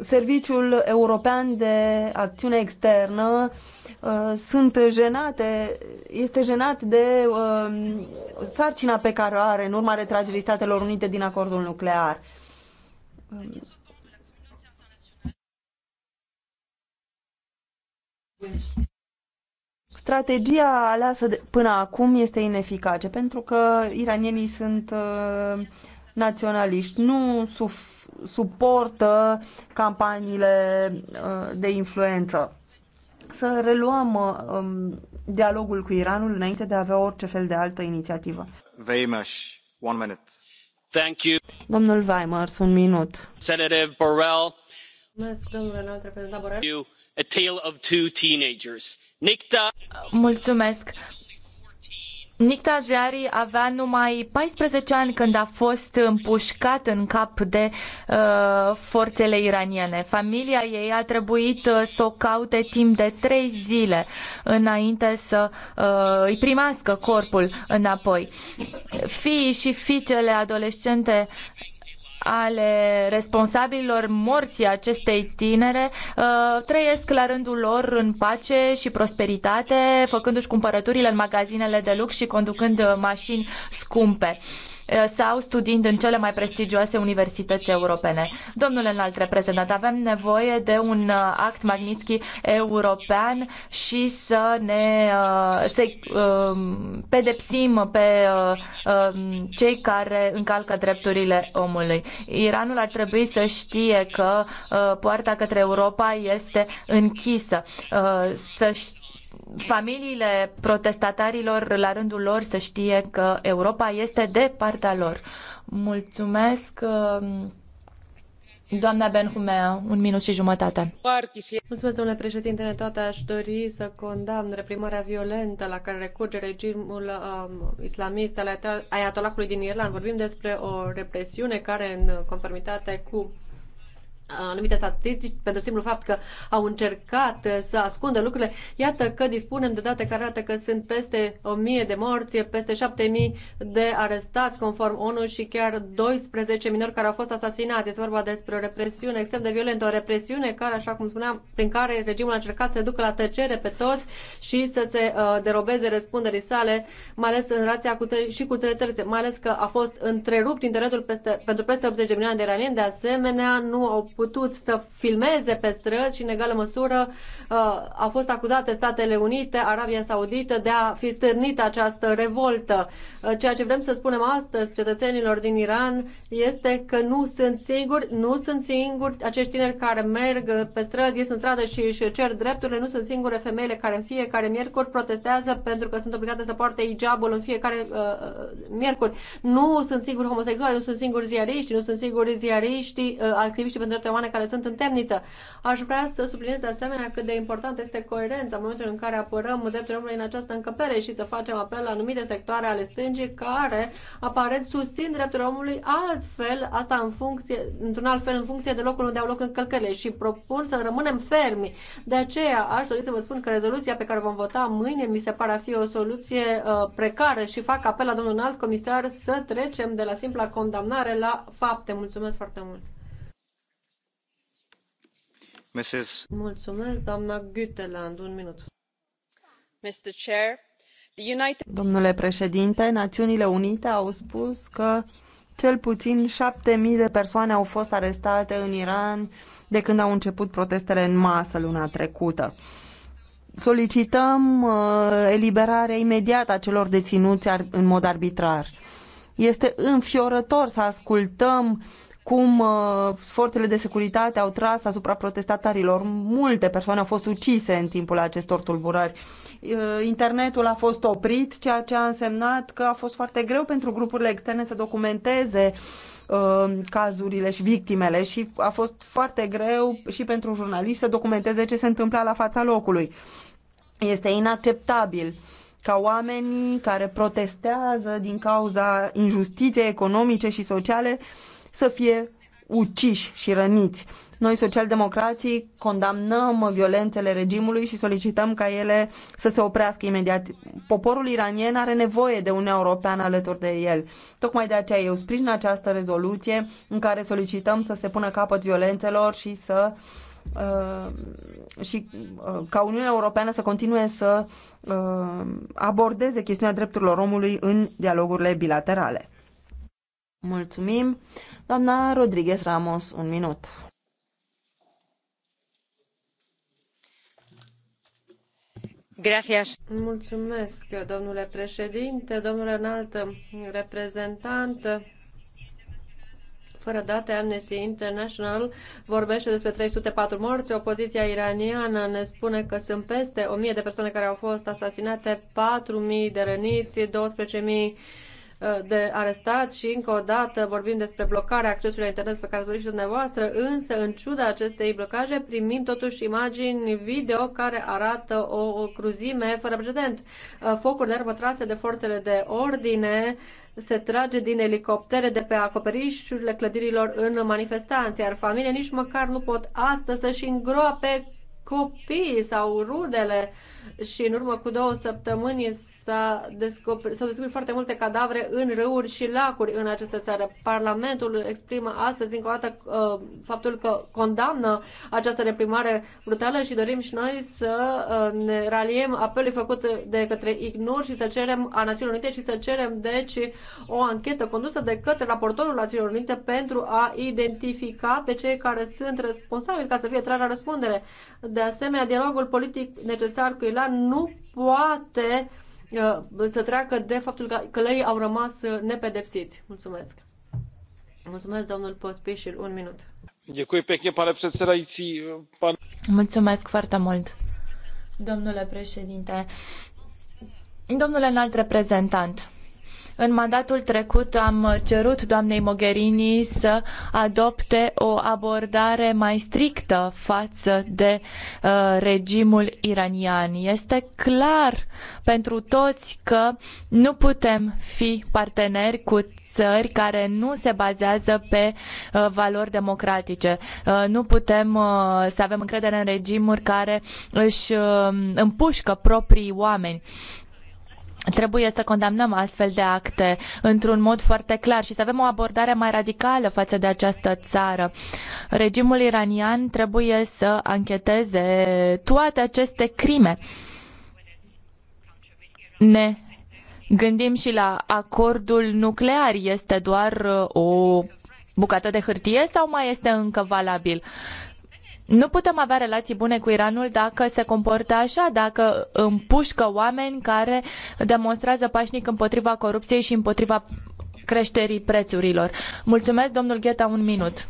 Serviciul European de Acțiune Externă uh, sunt jenate, este jenat de sarcina pe care o are în urma retragerii Statelor Unite din acordul nuclear. Um, Strategia aleasă de, până acum este ineficace pentru că iranienii sunt uh, naționaliști, nu suf, suportă campaniile uh, de influență. Să reluăm uh, um, dialogul cu Iranul înainte de a avea orice fel de altă inițiativă. Veimeș, one minute. Thank you. Domnul Weimers, un minut. Senator Borrell, Mulțumesc. Nicta Ziari avea numai 14 ani când a fost împușcat în cap de uh, forțele iraniene. Familia ei a trebuit uh, să o caute timp de trei zile înainte să uh, îi primească corpul înapoi. Fiii și fiicele adolescente ale responsabililor morții acestei tinere uh, trăiesc la rândul lor în pace și prosperitate, făcându-și cumpărăturile în magazinele de lux și conducând uh, mașini scumpe. Eh, sau studiind în cele mai prestigioase universități europene. Domnule înalt reprezentant, avem nevoie de un eh, act Magnitsky european și să ne eh, să pedepsim pe cei care încalcă drepturile omului. Iranul ar trebui să știe că poarta către Europa este închisă. Să știe familiile protestatarilor la rândul lor să știe că Europa este de partea lor. Mulțumesc. Um, doamna Benhumea, un minut și jumătate. Mulțumesc, domnule președinte. Toate aș dori să condamn reprimarea violentă la care recurge regimul um, islamist al Ayatollahului din Irland. Vorbim despre o represiune care, în conformitate cu anumite statistici pentru simplul fapt că au încercat eh, să ascundă lucrurile. Iată că dispunem de date care arată că sunt peste 1000 de morți, peste 7000 de arestați conform ONU și chiar 12 minori care au fost asasinați. Este vorba despre o represiune extrem de violentă, o represiune care, așa cum spuneam, prin care regimul a încercat să ducă la tăcere pe toți și să se uh, derobeze răspunderii sale, mai ales în relația cu țări, și cu țările terțe, mai ales că a fost întrerupt internetul peste, pentru peste 80 de milioane de iranieni, de asemenea nu au putut să filmeze pe străzi și în egală măsură uh, au fost acuzate Statele Unite, Arabia Saudită de a fi stârnit această revoltă. Uh, ceea ce vrem să spunem astăzi cetățenilor din Iran este că nu sunt singuri, nu sunt singuri acești tineri care merg uh, pe străzi, ies în stradă și își cer drepturile, nu sunt singure femeile care în fiecare miercuri protestează pentru că sunt obligate să poarte hijabul în fiecare uh, miercuri. Nu sunt singuri homosexuali, nu sunt singuri ziariști, nu sunt singuri ziariști, uh, activiști pentru Oameni care sunt în temniță. Aș vrea să subliniez de asemenea cât de importantă este coerența în momentul în care apărăm drepturile omului în această încăpere și să facem apel la anumite sectoare ale stângii care aparent susțin drepturile omului altfel, asta în funcție, într-un alt fel în funcție de locul unde au loc încălcările și propun să rămânem fermi. De aceea aș dori să vă spun că rezoluția pe care vom vota mâine mi se pare a fi o soluție uh, precară și fac apel la domnul înalt comisar să trecem de la simpla condamnare la fapte. Mulțumesc foarte mult! Domnule președinte, Națiunile Unite au spus că cel puțin șapte mii de persoane au fost arestate în Iran de când au început protestele în masă luna trecută. Solicităm uh, eliberarea imediată a celor deținuți ar- în mod arbitrar. Este înfiorător să ascultăm cum uh, forțele de securitate au tras asupra protestatarilor. Multe persoane au fost ucise în timpul acestor tulburări. Uh, internetul a fost oprit, ceea ce a însemnat că a fost foarte greu pentru grupurile externe să documenteze uh, cazurile și victimele și a fost foarte greu și pentru jurnaliști să documenteze ce se întâmpla la fața locului. Este inacceptabil ca oamenii care protestează din cauza injustiției economice și sociale uh, să fie uciși și răniți. Noi, socialdemocrații, condamnăm violențele regimului și solicităm ca ele să se oprească imediat. Poporul iranien are nevoie de Uniunea Europeană alături de el. Tocmai de aceea eu sprijin această rezoluție în care solicităm să se pună capăt violențelor și să uh, și uh, ca Uniunea Europeană să continue să uh, abordeze chestiunea drepturilor omului în dialogurile bilaterale. Mulțumim. Doamna Rodriguez Ramos, un minut. Gracias. Mulțumesc, domnule președinte, domnule înalt reprezentant. Fără date, Amnesty International vorbește despre 304 morți. Opoziția iraniană ne spune că sunt peste 1000 de persoane care au fost asasinate, 4000 de răniți, 12000 de arestați și încă o dată vorbim despre blocarea accesului la internet pe care ați dorit și dumneavoastră, însă în ciuda acestei blocaje primim totuși imagini video care arată o cruzime fără precedent. Uh, focuri de armă trase de forțele de ordine, se trage din elicoptere de pe acoperișurile clădirilor în manifestanți, iar familie nici măcar nu pot astăzi să-și îngroape copiii sau rudele uh, și în urmă cu două săptămâni s-a descoperit, s-au descoperit foarte multe cadavre în râuri și lacuri în această țară. Parlamentul exprimă astăzi încă o dată uh, faptul că condamnă această reprimare brutală și dorim și noi să uh, ne raliem apelul făcut de către IGNUR și să cerem a Națiunilor Unite și să cerem deci o anchetă condusă de către raportorul Națiunilor Unite pentru a identifica pe cei care sunt responsabili ca să fie trași la răspundere. De asemenea, dialogul politic necesar cu el Milan nu poate uh, să treacă de faptul că călăii au rămas uh, nepedepsiți. Mulțumesc. Mulțumesc, domnul Pospișil. Un minut. Děkuji pěkně, pane předsedající. Pan... Mulțumesc foarte mult, domnule președinte. Domnule înalt reprezentant, în mandatul trecut am cerut doamnei Mogherini să adopte o abordare mai strictă față de uh, regimul iranian. Este clar pentru toți că nu putem fi parteneri cu țări care nu se bazează pe uh, valori democratice. Uh, nu putem uh, să avem încredere în regimuri care își uh, împușcă proprii oameni. Trebuie să condamnăm astfel de acte într-un mod foarte clar și să avem o abordare mai radicală față de această țară. Regimul iranian trebuie să ancheteze toate aceste crime. Ne gândim și la acordul nuclear. Este doar uh, o bucată de hârtie sau mai este încă valabil? Nu putem avea relații bune cu Iranul dacă se comportă așa, dacă împușcă oameni care demonstrează pașnic împotriva corupției și împotriva creșterii prețurilor. Mulțumesc, domnul Gheta, un minut.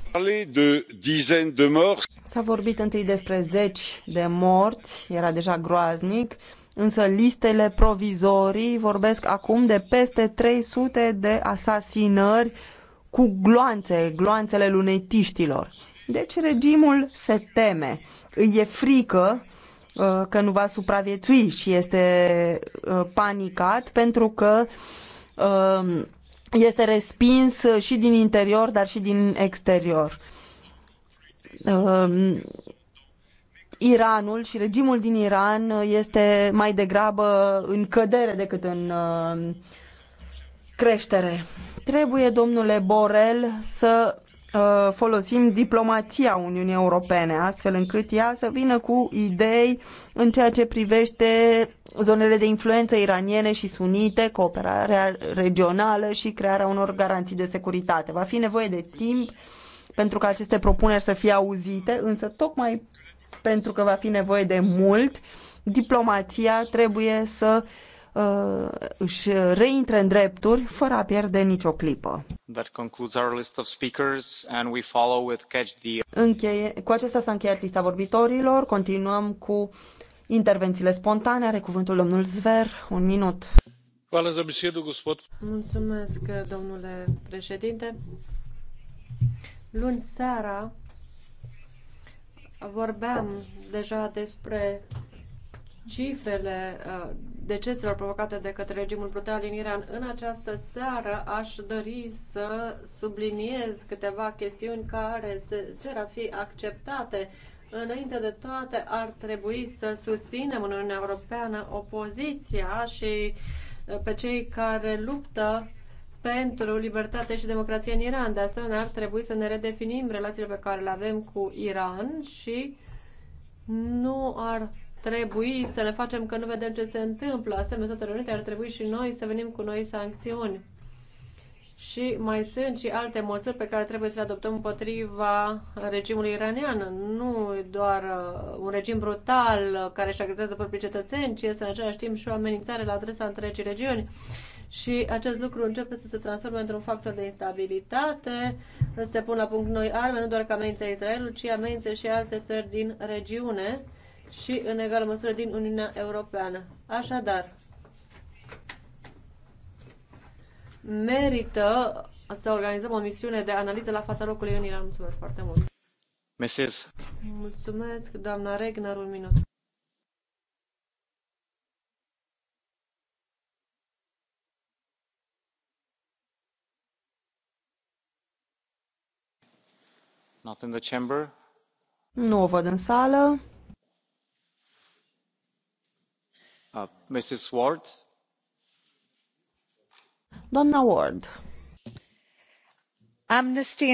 S-a vorbit întâi despre zeci de morți, era deja groaznic, însă listele provizorii vorbesc acum de peste 300 de asasinări cu gloanțe, gloanțele lunetiștilor deci regimul se teme, îi e frică uh, că nu va supraviețui și este uh, panicat pentru că uh, este respins și din interior, dar și din exterior. Iranul și regimul din Iran este mai degrabă în cădere decât în creștere. Trebuie, domnule Borel, să Uh, folosim diplomația Uniunii Europene, astfel încât ea să vină cu idei în ceea ce privește zonele de influență iraniene și sunite, cooperarea regională și crearea unor garanții de securitate. Va fi nevoie de timp pentru ca aceste propuneri să fie auzite, însă tocmai pentru că va fi nevoie de mult, diplomația trebuie să uh, uh, își reintre în drepturi fără a pierde nicio clipă. speakers the... Încheie... Cu acesta s-a încheiat lista vorbitorilor. Continuăm cu intervențiile spontane. Are cuvântul domnul Zver. Un minut. Mulțumesc, domnule președinte. Luni seara vorbeam deja despre cifrele uh, deceselor provocate de către regimul brutal din Iran. În această seară aș dori să subliniez câteva chestiuni care se cer a fi acceptate. Înainte de toate, ar trebui să susținem în Uniunea Europeană opoziția și uh, pe cei care luptă pentru libertate și democrație în Iran. De asemenea, ar trebui să ne redefinim relațiile pe care le avem cu Iran și nu ar trebui să le facem că nu vedem ce se întâmplă. Asemenea, Statele Unite ar trebui și noi să venim cu noi sancțiuni. Și mai sunt și alte măsuri pe care trebuie să le adoptăm împotriva regimului iranian. Nu doar uh, un regim brutal care își agresează proprii cetățeni, ci este în același timp și o amenințare la adresa întregii regiuni. Și acest lucru începe să se transforme într-un factor de instabilitate, se pun la punct noi arme, nu doar că amenință Israelul, ci amenință și alte țări din regiune și în egală măsură din Uniunea Europeană. Așadar, merită să organizăm o misiune de analiză la fața locului în Iran. Mulțumesc foarte mult! Mrs. Mulțumesc, doamna Regner, un minut. Not in the chamber. Nu o văd în sală. doamnă uh, ward amnesty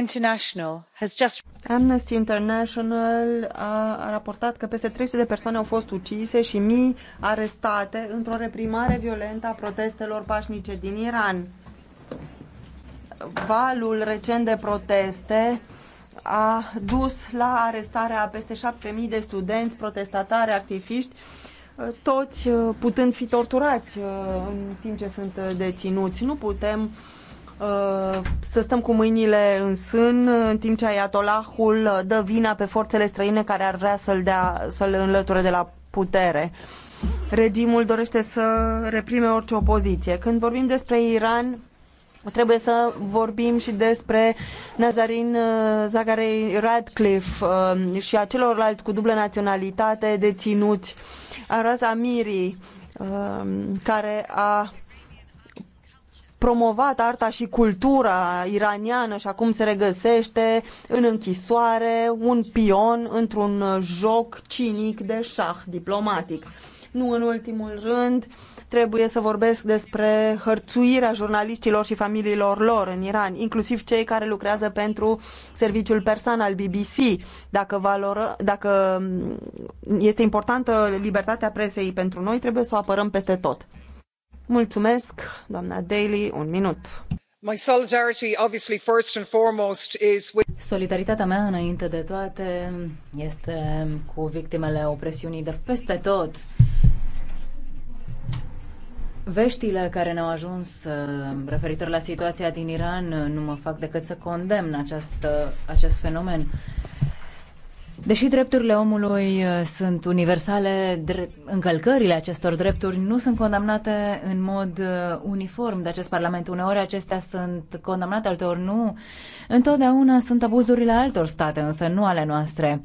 international a raportat că peste 300 de persoane au fost ucise și mii arestate într-o reprimare violentă a protestelor pașnice din Iran. Valul recent de proteste a dus la arestarea a peste 7.000 de studenți, protestatari, activiști toți uh, putând fi torturați uh, în timp ce sunt uh, deținuți. Nu putem să stăm cu mâinile în sân în timp ce Ayatollahul dă vina pe forțele străine care ar vrea să-l, dea, să-l înlăture de la putere. Regimul dorește să reprime orice opoziție. Când vorbim despre Iran, trebuie să vorbim și despre Nazarin Zagarei Radcliffe și a celorlalți cu dublă naționalitate deținuți araza Amiri, um, care a promovat arta și cultura iraniană și acum se regăsește în închisoare, un pion într-un joc cinic de șah diplomatic. Nu în ultimul rând, uh, trebuie să vorbesc despre hărțuirea jurnaliștilor și familiilor lor în Iran, inclusiv cei care lucrează pentru serviciul persan al BBC. Dacă, valoră, dacă mm, este importantă libertatea presei pentru noi, trebuie să o apărăm peste tot. Mulțumesc, doamna Daly, un minut. Solidaritatea mea, înainte de toate, este cu victimele opresiunii de peste tot Veștile care ne-au ajuns uh, referitor la situația din Iran uh, nu mă fac decât să condemn acest, uh, acest fenomen. Deși drepturile omului sunt universale, încălcările acestor drepturi nu sunt condamnate în mod uniform de acest Parlament. Uneori acestea sunt condamnate, alteori nu. Întotdeauna sunt abuzurile altor state, însă nu ale noastre.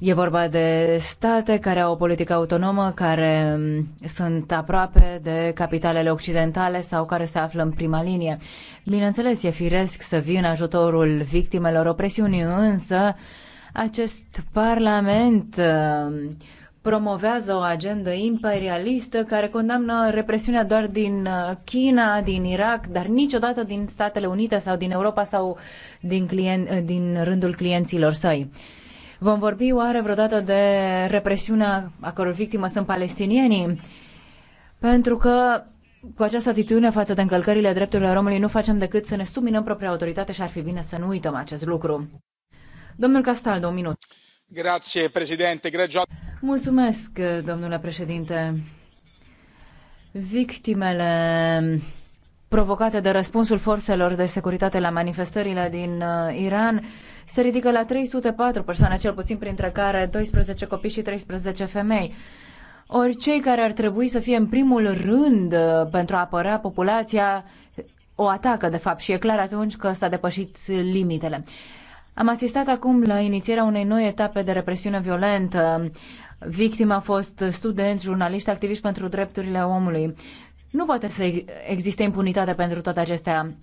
E vorba de state care au o politică autonomă, care mm, sunt aproape de capitalele occidentale sau care se află în prima linie. Bineînțeles, e firesc să vină ajutorul victimelor opresiunii, însă acest parlament mm, promovează o agendă imperialistă care condamnă represiunea doar din mm, China, din Irak, dar niciodată din Statele Unite sau din Europa sau din, client, din rândul clienților săi. Vom vorbi oare vreodată de represiunea a căror victimă sunt palestinienii? Pentru că cu această atitudine față de încălcările drepturilor omului nu facem decât să ne subminăm propria autoritate și ar fi bine să nu uităm acest lucru. Domnul Castal, două minut. Grazie, președinte. Grazie. Mulțumesc, domnule președinte. Victimele provocate de răspunsul forțelor de securitate la manifestările din uh, Iran se ridică la 304 persoane, cel puțin printre care 12 copii și 13 femei. Ori cei care ar trebui să fie în primul rând uh, pentru a apăra populația o atacă, de fapt, și e clar atunci că s-a depășit limitele. Am asistat acum la inițierea unei noi etape de represiune violentă. Victima a fost studenți, jurnaliști, activiști pentru drepturile omului. Nu poate să existe impunitate pentru toate acestea.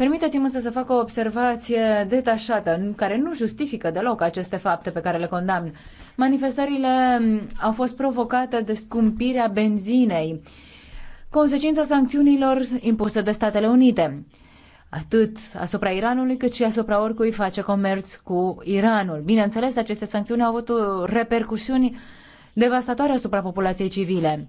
Permiteți-mi să fac o observație detașată, care nu justifică deloc aceste fapte pe care le condamn. Manifestările mm, au fost provocate de scumpirea benzinei, consecința sancțiunilor impuse de Statele Unite, atât asupra Iranului, cât și asupra oricui face comerț cu Iranul. Bineînțeles, aceste sancțiuni au avut repercusiuni devastatoare asupra populației civile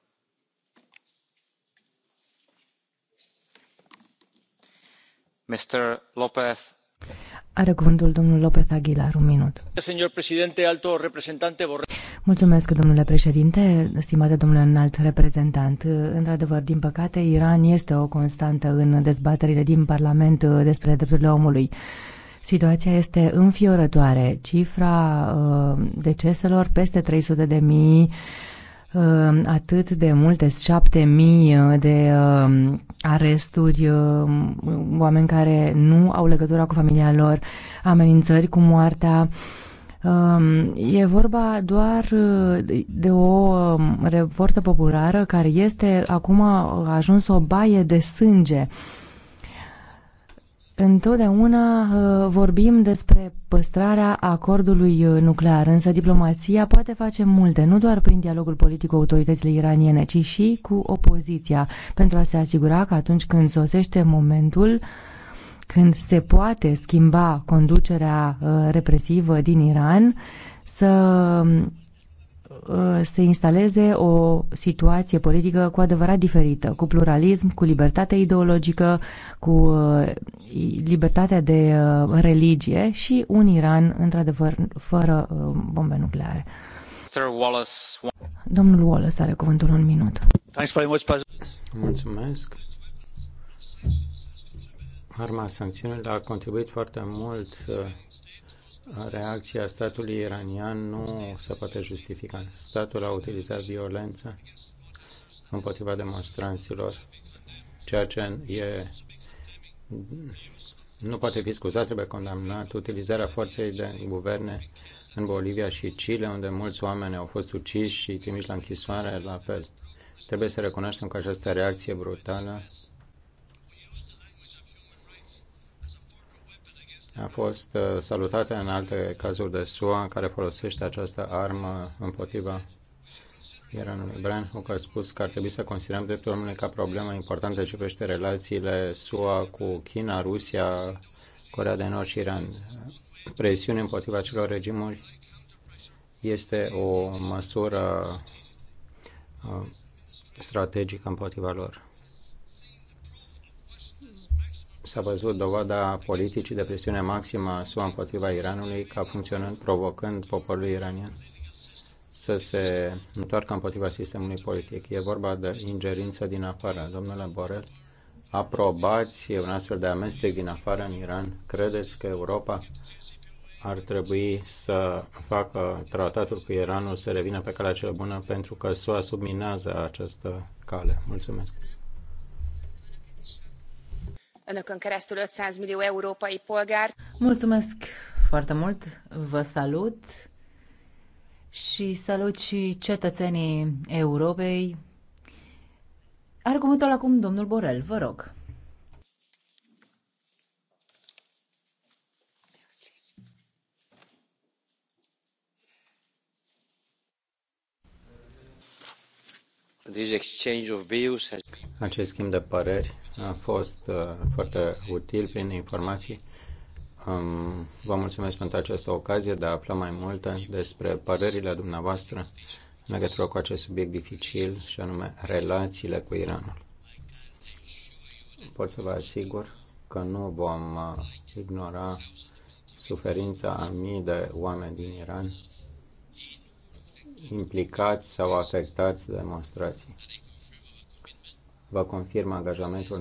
señor presidente alto representante borrell Mulțumesc, domnule președinte, stimate domnule înalt reprezentant. Într-adevăr, din păcate, Iran este o constantă în dezbaterile din Parlament uh, despre drepturile omului. Situația este înfiorătoare. Cifra uh, deceselor peste 300 de mii Uh, atât de multe, șapte mii uh, de uh, aresturi, oameni care nu au legătura cu familia lor, amenințări cu moartea. Um, e vorba doar de o um, revoltă populară care este acum a ajuns o baie de sânge Întotdeauna uh, vorbim despre păstrarea acordului uh, nuclear, însă diplomația poate face multe, nu doar prin dialogul politic cu autoritățile iraniene, ci și cu opoziția, pentru a se asigura că atunci când sosește momentul, când se poate schimba conducerea uh, represivă din Iran, să Uh, se instaleze o situație politică cu adevărat diferită, cu pluralism, cu libertate ideologică, cu uh, libertatea de uh, religie și un Iran, într-adevăr, fără bombe nucleare. Domnul Wallace are cuvântul un minut. Mulțumesc. Arma sancțiunilor a contribuit foarte mult reacția statului iranian nu se poate justifica. Statul a utilizat violența împotriva demonstranților, ceea ce e, nu poate fi scuzat, trebuie condamnat. Utilizarea forței de guverne în Bolivia și Chile, unde mulți oameni au fost uciși și trimiși la închisoare, la fel. Trebuie să recunoaștem că această reacție brutală a fost uh, salutată în alte cazuri de SUA care folosește această armă împotriva Iranului. Brian Hook a spus că ar trebui să considerăm dreptul omului ca problemă importantă ce privește relațiile SUA cu China, Rusia, Corea de Nord și Iran. Presiune împotriva acelor regimuri este o măsură uh, strategică împotriva lor s-a văzut dovada politicii de presiune maximă SUA împotriva Iranului ca funcționând provocând poporul iranian să se întoarcă împotriva sistemului politic. E vorba de ingerință din afară. Domnule Borel, aprobați un astfel de amestec din afară în Iran? Credeți că Europa ar trebui să facă tratatul cu Iranul să revină pe calea cea bună pentru că SUA subminează această cale? Mulțumesc! önökön keresztül 500 millió európai polgárt. Mulțumesc foarte mult, vă salut și salut și cetățenii Europei. Argumentul acum, domnul Borel, vă rog. Acest schimb de păreri a fost uh, foarte util prin informații. Um, vă mulțumesc pentru această ocazie de a afla mai multe despre părerile dumneavoastră în legătură cu acest subiect dificil și anume relațiile cu Iranul. Pot să vă asigur că nu vom uh, ignora suferința a mii de oameni din Iran implicați sau afectați de demonstrații. Vă confirm angajamentul nostru.